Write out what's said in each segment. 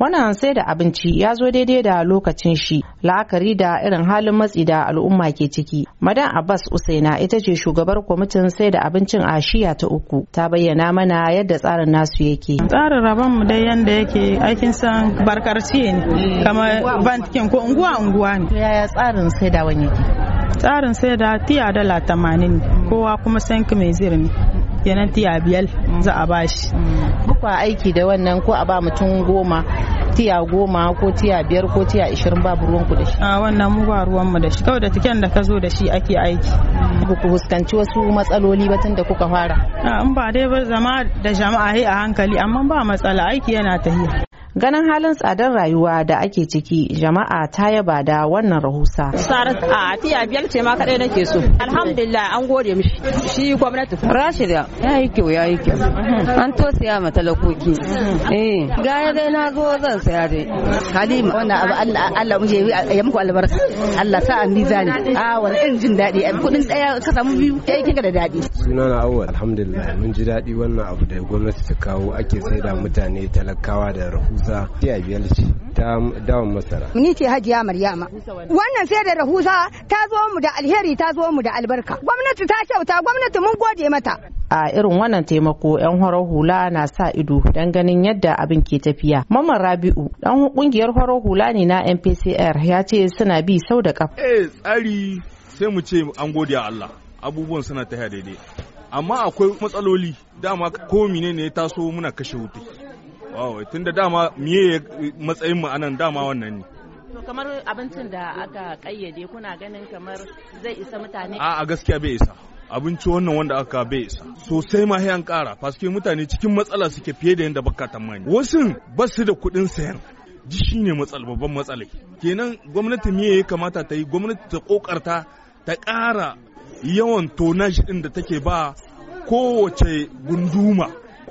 wannan sai da abinci ya zo daidai da lokacin shi la'akari da irin halin matsi da al'umma ke ciki madan abbas usaina ita ce shugabar kwamitin sai da abincin a shiya ta uku ta bayyana mana yadda tsarin nasu yake tsarin rabon mu dai yanda yake aikin san barkarci ne kamar bankin ko unguwa unguwa ne yaya tsarin sai da wani yake tsarin sai da tiya dala tamanin kowa kuma sanki mai zir ne kenan tiya biyar mm. za a bashi Bukwa mm. aiki da wannan ko a ba mutum goma tiya goma ko tiya biyar ko tiya ishirin ruwan ku da shi a wannan mu ba ruwanmu da shi kawai da tiken da ka zo da shi ake aiki mm. ku fuskanci wasu matsaloli ba tun da kuka fara in ba dai ba zama da jama'a a hankali amma ba matsala aiki yana tahiya ganin halin tsadar rayuwa da ake ciki jama'a ta yaba da wannan rahusa sarat a fiya biyar ce ma kadai nake so alhamdulillah an gode mishi shi gwamnati rashida ya yi kyau ya yi kyau mhm. an to siya ma talakoki mhm. eh gaya dai na zo zan saya dai halima wannan abu Allah Allah mu je ya muku albarka Allah sa an mizani a wani irin jin daɗi kuɗin ɗaya ka samu biyu yi kika da daɗi sunana awa, alhamdulillah mun ji daɗi wannan abu da gwamnati ta kawo ake saida mutane talakawa da rahusa ta tiya biyar ce ta dawon masara. Ni ce Hajiya Maryama. Wannan sai da rahusa ta zo mu da alheri ta zo mu da albarka. Gwamnati ta kyauta gwamnati mun gode mata. A irin wannan taimako 'yan horar hula na sa ido don ganin yadda abin ke tafiya. Maman Rabi'u dan kungiyar horar hula ne na MPCR ya ce suna bi sau da kafa. Eh tsari sai mu ce an gode Allah abubuwan suna tafiya daidai. Amma akwai matsaloli dama ko ne ya taso muna kashe wuta. Wow, tun da dama miye matsayin mu anan dama wannan ne. To kamar abincin da aka kayyade kuna ganin kamar zai isa mutane? A'a gaskiya bai isa. abinci wannan wanda aka bai isa sosai ma hayan kara paske mutane cikin matsala suke fiye da yadda baka tamani wasu ba su da kuɗin sayan ji shine matsal babban matsalai kenan gwamnati miye ya kamata ta yi gwamnati ta kokarta ta ƙara yawan tonashi ɗin da take ba kowace gunduma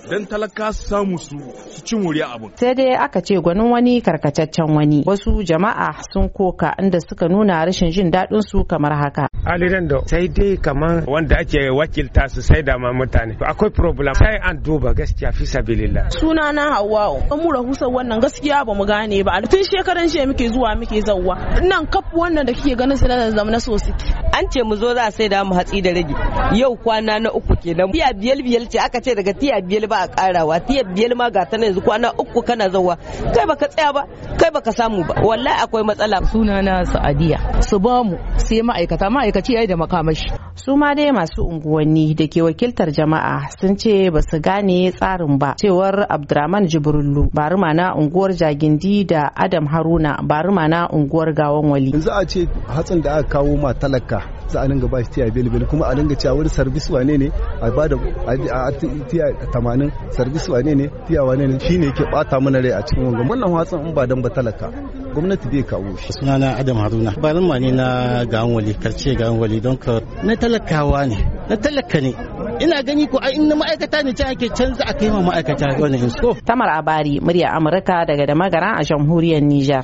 don talaka su samu su su ci muriya abu. Sai dai aka ce gwanin wani karkataccen wani. Wasu jama'a sun koka inda suka nuna rashin jin daɗin su kamar haka. Aliran da sai dai kamar wanda ake wakilta su sai da ma mutane. Akwai problem sai an duba gaskiya fi sabilillah. Suna na Hawwa'u. An mu rahusar wannan gaskiya ba mu gane ba. Tun shekaran shi muke zuwa muke zauwa. Nan kaf wannan da kike ganin su da zama na sosiki. An ce mu zo za a sai da mu hatsi da rage. Yau kwana na uku kenan. Tiya biyar biyar ce aka ce daga tiya biyar wani ba a karawa tiya biyar ma ga ta yanzu kwana uku kana zawa kai baka tsaya ba kai baka samu ba wallahi akwai matsala sunana sa'adiya su bamu sai ma'aikata ma'aikaci yayi da makamashi su ma dai masu unguwanni da ke wakiltar jama'a sun ce ba su gane tsarin ba cewar abdurrahman jibrullu baruma na unguwar jagindi da adam haruna baruma na unguwar gawan wali yanzu a ce hatsin da aka kawo ma talaka za a dinga ba shi tiya bilbil kuma a dinga cewa wani sarbis wane ne a ba da tiya tamanin sarbis wane ne tiya wane ne shine ke bata mana rai a cikin wannan hatsin in ba dan ba talaka gwamnati bai kawo shi sunana adam haruna barin ma ne na ganwali karce don ka na talakawa ne na talaka ne ina gani ko in na ma'aikata ne can ake canza a kai ma ma'aikata wani insko tamar abari murya amurka daga da magara a jamhuriyar Nijar.